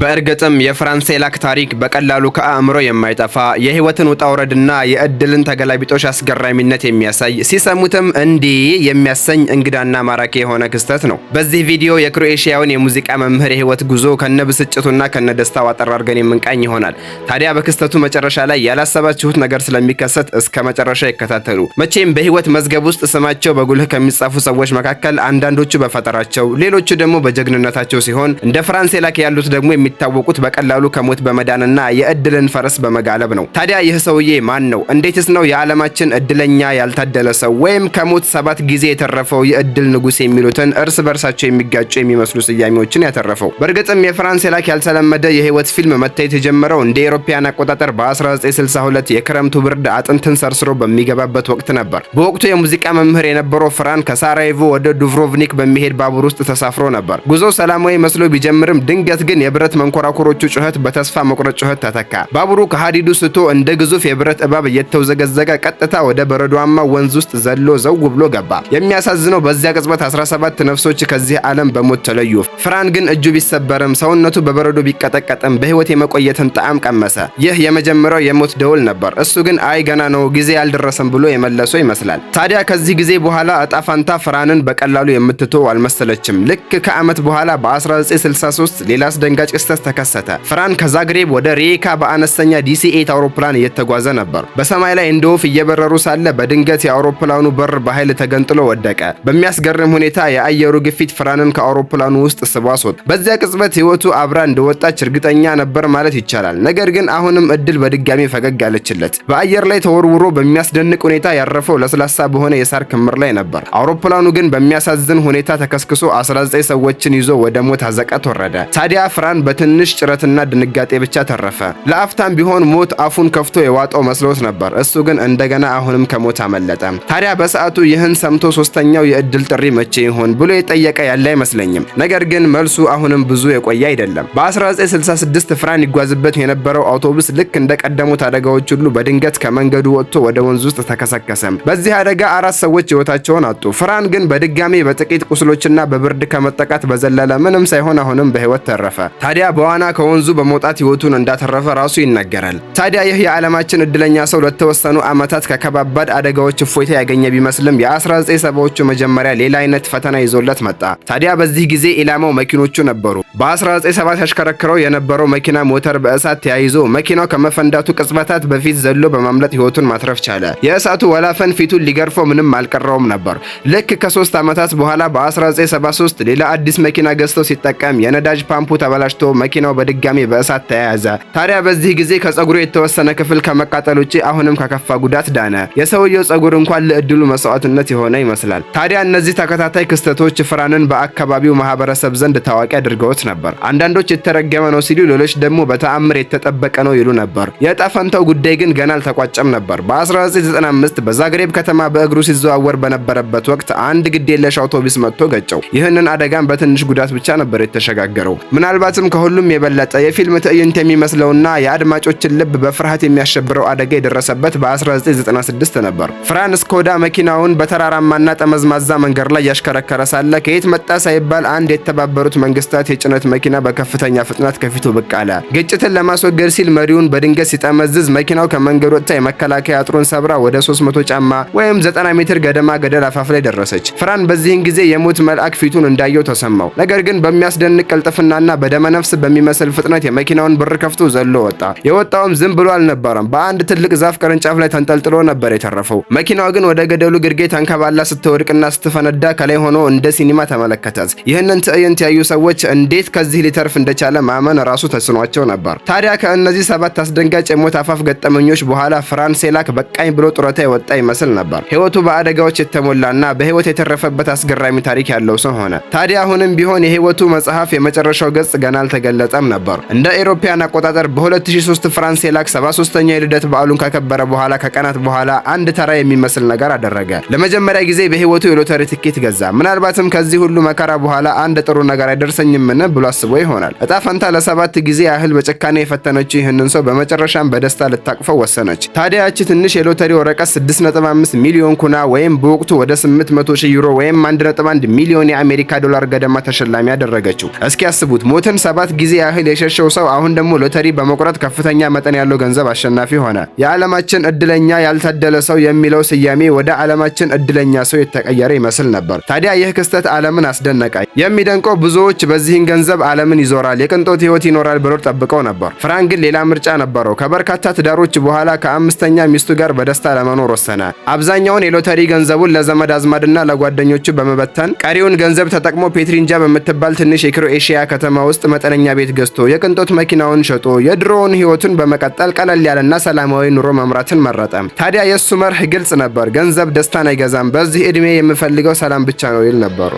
በእርግጥም የፍራንሴ ላክ ታሪክ በቀላሉ ከአእምሮ የማይጠፋ የህይወትን ውጣውረድና የእድልን ተገላቢጦሽ አስገራሚነት የሚያሳይ ሲሰሙትም እንዲህ የሚያሰኝ እንግዳና ማራኪ የሆነ ክስተት ነው። በዚህ ቪዲዮ የክሮኤሽያውን የሙዚቃ መምህር የህይወት ጉዞ ከነ ብስጭቱና ከነ ደስታው የምንቃኝ ይሆናል። ታዲያ በክስተቱ መጨረሻ ላይ ያላሰባችሁት ነገር ስለሚከሰት እስከ መጨረሻ ይከታተሉ። መቼም በህይወት መዝገብ ውስጥ ስማቸው በጉልህ ከሚጻፉ ሰዎች መካከል አንዳንዶቹ በፈጠራቸው፣ ሌሎቹ ደግሞ በጀግንነታቸው ሲሆን እንደ ፍራንሴ ላክ ያሉት ደግሞ የሚታወቁት በቀላሉ ከሞት በመዳንና የእድልን ፈረስ በመጋለብ ነው። ታዲያ ይህ ሰውዬ ማን ነው? እንዴትስ ነው የዓለማችን እድለኛ ያልታደለ ሰው ወይም ከሞት ሰባት ጊዜ የተረፈው የእድል ንጉሥ የሚሉትን እርስ በርሳቸው የሚጋጩ የሚመስሉ ስያሜዎችን ያተረፈው? በእርግጥም የፍራንስ የላክ ያልተለመደ የህይወት ፊልም መታየት የጀመረው እንደ ኤሮፓያን አቆጣጠር በ1962 የክረምቱ ብርድ አጥንትን ሰርስሮ በሚገባበት ወቅት ነበር። በወቅቱ የሙዚቃ መምህር የነበረው ፍራን ከሳራይቮ ወደ ዱቭሮቭኒክ በሚሄድ ባቡር ውስጥ ተሳፍሮ ነበር። ጉዞ ሰላማዊ መስሎ ቢጀምርም ድንገት ግን የብረት መንኮራኩሮቹ ጩኸት በተስፋ መቁረጥ ጩኸት ተተካ። ባቡሩ ከሀዲዱ ስቶ እንደ ግዙፍ የብረት እባብ እየተውዘገዘገ ቀጥታ ወደ በረዷማ ወንዝ ውስጥ ዘሎ ዘው ብሎ ገባ። የሚያሳዝነው በዚያ ቅጽበት 17 ነፍሶች ከዚህ ዓለም በሞት ተለዩ። ፍራን ግን እጁ ቢሰበርም ሰውነቱ በበረዶ ቢቀጠቀጥም በህይወት የመቆየትን ጣዕም ቀመሰ። ይህ የመጀመሪያው የሞት ደውል ነበር። እሱ ግን አይ ገና ነው ጊዜ አልደረሰም ብሎ የመለሰው ይመስላል። ታዲያ ከዚህ ጊዜ በኋላ እጣፋንታ ፋንታ ፍራንን በቀላሉ የምትተው አልመሰለችም። ልክ ከዓመት በኋላ በ1963 ሌላ አስደንጋጭ ክስተት ተከሰተ። ፍራን ከዛግሬብ ወደ ሬካ በአነስተኛ ዲሲ8 አውሮፕላን እየተጓዘ ነበር። በሰማይ ላይ እንደ ወፍ እየበረሩ ሳለ በድንገት የአውሮፕላኑ በር በኃይል ተገንጥሎ ወደቀ። በሚያስገርም ሁኔታ የአየሩ ግፊት ፍራንን ከአውሮፕላኑ ውስጥ ስቦ በዚያ ቅጽበት ህይወቱ አብራ እንደወጣች እርግጠኛ ነበር ማለት ይቻላል። ነገር ግን አሁንም እድል በድጋሚ ፈገግ አለችለት። በአየር ላይ ተወርውሮ በሚያስደንቅ ሁኔታ ያረፈው ለስላሳ በሆነ የሳር ክምር ላይ ነበር። አውሮፕላኑ ግን በሚያሳዝን ሁኔታ ተከስክሶ 19 ሰዎችን ይዞ ወደ ሞት አዘቃ ወረደ። ታዲያ ፍራን በትንሽ ጭረትና ድንጋጤ ብቻ ተረፈ። ለአፍታም ቢሆን ሞት አፉን ከፍቶ የዋጠው መስሎት ነበር። እሱ ግን እንደገና አሁንም ከሞት አመለጠ። ታዲያ በሰዓቱ ይህን ሰምቶ ሶስተኛው የእድል ጥሪ መቼ ይሆን ብሎ የጠየቀ ያለ አይመስለኝም። ነገር ግን መልሱ አሁንም ብዙ የቆየ አይደለም። በ1966 ፍራን ይጓዝበት የነበረው አውቶቡስ ልክ እንደ ቀደሙት አደጋዎች ሁሉ በድንገት ከመንገዱ ወጥቶ ወደ ወንዝ ውስጥ ተከሰከሰ። በዚህ አደጋ አራት ሰዎች ህይወታቸውን አጡ። ፍራን ግን በድጋሜ በጥቂት ቁስሎችና በብርድ ከመጠቃት በዘለለ ምንም ሳይሆን አሁንም በህይወት ተረፈ። ታዲያ ታዲያ በዋና ከወንዙ በመውጣት ህይወቱን እንዳተረፈ ራሱ ይናገራል። ታዲያ ይህ የዓለማችን እድለኛ ሰው ለተወሰኑ ዓመታት ከከባባድ አደጋዎች እፎይታ ያገኘ ቢመስልም የ1970ዎቹ መጀመሪያ ሌላ አይነት ፈተና ይዞለት መጣ። ታዲያ በዚህ ጊዜ ኢላማው መኪኖቹ ነበሩ። በ1970 ያሽከረክረው የነበረው መኪና ሞተር በእሳት ተያይዞ መኪናው ከመፈንዳቱ ቅጽበታት በፊት ዘሎ በማምለጥ ህይወቱን ማትረፍ ቻለ። የእሳቱ ወላፈን ፊቱን ሊገርፈው ምንም አልቀረውም ነበር። ልክ ከሶስት ዓመታት በኋላ በ1973 ሌላ አዲስ መኪና ገዝተው ሲጠቀም የነዳጅ ፓምፑ ተበላሽቶ መኪናው በድጋሚ በእሳት ተያያዘ። ታዲያ በዚህ ጊዜ ከጸጉሩ የተወሰነ ክፍል ከመቃጠል ውጭ አሁንም ከከፋ ጉዳት ዳነ። የሰውየው ጸጉር እንኳን ለእድሉ መስዋዕትነት የሆነ ይመስላል። ታዲያ እነዚህ ተከታታይ ክስተቶች ፍራንን በአካባቢው ማህበረሰብ ዘንድ ታዋቂ አድርገውት ነበር። አንዳንዶች የተረገመ ነው ሲሉ፣ ሌሎች ደግሞ በተአምር የተጠበቀ ነው ይሉ ነበር። የጠፈንተው ጉዳይ ግን ገና አልተቋጨም ነበር። በ1995 በዛግሬብ ከተማ በእግሩ ሲዘዋወር በነበረበት ወቅት አንድ ግዴለሽ አውቶቡስ መጥቶ ገጨው። ይህንን አደጋም በትንሽ ጉዳት ብቻ ነበር የተሸጋገረው። ምናልባትም ከ ከሁሉም የበለጠ የፊልም ትዕይንት የሚመስለውና የአድማጮችን ልብ በፍርሃት የሚያሸብረው አደጋ የደረሰበት በ1996 ነበር። ፍራንስ ኮዳ መኪናውን በተራራማና ጠመዝማዛ መንገድ ላይ ያሽከረከረ ሳለ ከየት መጣ ሳይባል አንድ የተባበሩት መንግስታት የጭነት መኪና በከፍተኛ ፍጥነት ከፊቱ ብቅ አለ። ግጭትን ለማስወገድ ሲል መሪውን በድንገት ሲጠመዝዝ መኪናው ከመንገድ ወጥታ የመከላከያ አጥሩን ሰብራ ወደ 300 ጫማ ወይም 90 ሜትር ገደማ ገደል አፋፍ ላይ ደረሰች። ፍራን በዚህን ጊዜ የሞት መልአክ ፊቱን እንዳየው ተሰማው። ነገር ግን በሚያስደንቅ ቅልጥፍናና በደመነፍስ ነፍስ በሚመስል ፍጥነት የመኪናውን በር ከፍቶ ዘሎ ወጣ። የወጣውም ዝም ብሎ አልነበረም። በአንድ ትልቅ ዛፍ ቅርንጫፍ ላይ ተንጠልጥሎ ነበር የተረፈው። መኪናው ግን ወደ ገደሉ ግርጌ ተንከባላ ስትወድቅና ስትፈነዳ ከላይ ሆኖ እንደ ሲኒማ ተመለከታት። ይህንን ትዕይንት ያዩ ሰዎች እንዴት ከዚህ ሊተርፍ እንደቻለ ማመን ራሱ ተስኗቸው ነበር። ታዲያ ከእነዚህ ሰባት አስደንጋጭ የሞት አፋፍ ገጠመኞች በኋላ ፍራን ሴላክ በቃኝ ብሎ ጡረታ የወጣ ይመስል ነበር። ህይወቱ በአደጋዎች የተሞላና በህይወት የተረፈበት አስገራሚ ታሪክ ያለው ሰው ሆነ። ታዲያ አሁንም ቢሆን የህይወቱ መጽሐፍ የመጨረሻው ገጽ ገና አልተገለጸም ነበር። እንደ ኤሮፓያን አቆጣጠር በ2003 ፍራንስ የላክ 73ኛ የልደት በዓሉን ከከበረ በኋላ ከቀናት በኋላ አንድ ተራ የሚመስል ነገር አደረገ። ለመጀመሪያ ጊዜ በህይወቱ የሎተሪ ትኬት ገዛ። ምናልባትም ከዚህ ሁሉ መከራ በኋላ አንድ ጥሩ ነገር አይደርሰኝምን ብሎ አስቦ ይሆናል። እጣ ፈንታ ለሰባት ጊዜ ያህል በጭካኔ የፈተነችው ይህንን ሰው በመጨረሻም በደስታ ልታቅፈው ወሰነች። ታዲያ ያቺ ትንሽ የሎተሪ ወረቀት 6.5 ሚሊዮን ኩና ወይም በወቅቱ ወደ 800 ሺህ ዩሮ ወይም 1.1 ሚሊዮን የአሜሪካ ዶላር ገደማ ተሸላሚ ያደረገችው። እስኪ ያስቡት ሞትን ሰባት ለሰባት ጊዜ ያህል የሸሸው ሰው አሁን ደግሞ ሎተሪ በመቁረጥ ከፍተኛ መጠን ያለው ገንዘብ አሸናፊ ሆነ። የዓለማችን እድለኛ ያልታደለ ሰው የሚለው ስያሜ ወደ ዓለማችን እድለኛ ሰው የተቀየረ ይመስል ነበር። ታዲያ ይህ ክስተት ዓለምን አስደነቀ። የሚደንቀው ብዙዎች በዚህን ገንዘብ ዓለምን ይዞራል፣ የቅንጦት ህይወት ይኖራል ብሎ ጠብቀው ነበር። ፍራንክ ግን ሌላ ምርጫ ነበረው። ከበርካታ ትዳሮች በኋላ ከአምስተኛ ሚስቱ ጋር በደስታ ለመኖር ወሰነ። አብዛኛውን የሎተሪ ገንዘቡን ለዘመድ አዝማድና ለጓደኞቹ በመበተን ቀሪውን ገንዘብ ተጠቅሞ ፔትሪንጃ በምትባል ትንሽ የክሮኤሽያ ከተማ ውስጥ መጠነ መኖሪያ ቤት ገዝቶ የቅንጦት መኪናውን ሸጦ የድሮውን ህይወቱን በመቀጠል ቀለል ያለና ሰላማዊ ኑሮ መምራትን መረጠ። ታዲያ የእሱ መርህ ግልጽ ነበር፣ ገንዘብ ደስታን አይገዛም፣ በዚህ ዕድሜ የምፈልገው ሰላም ብቻ ነው ይል ነበሩ።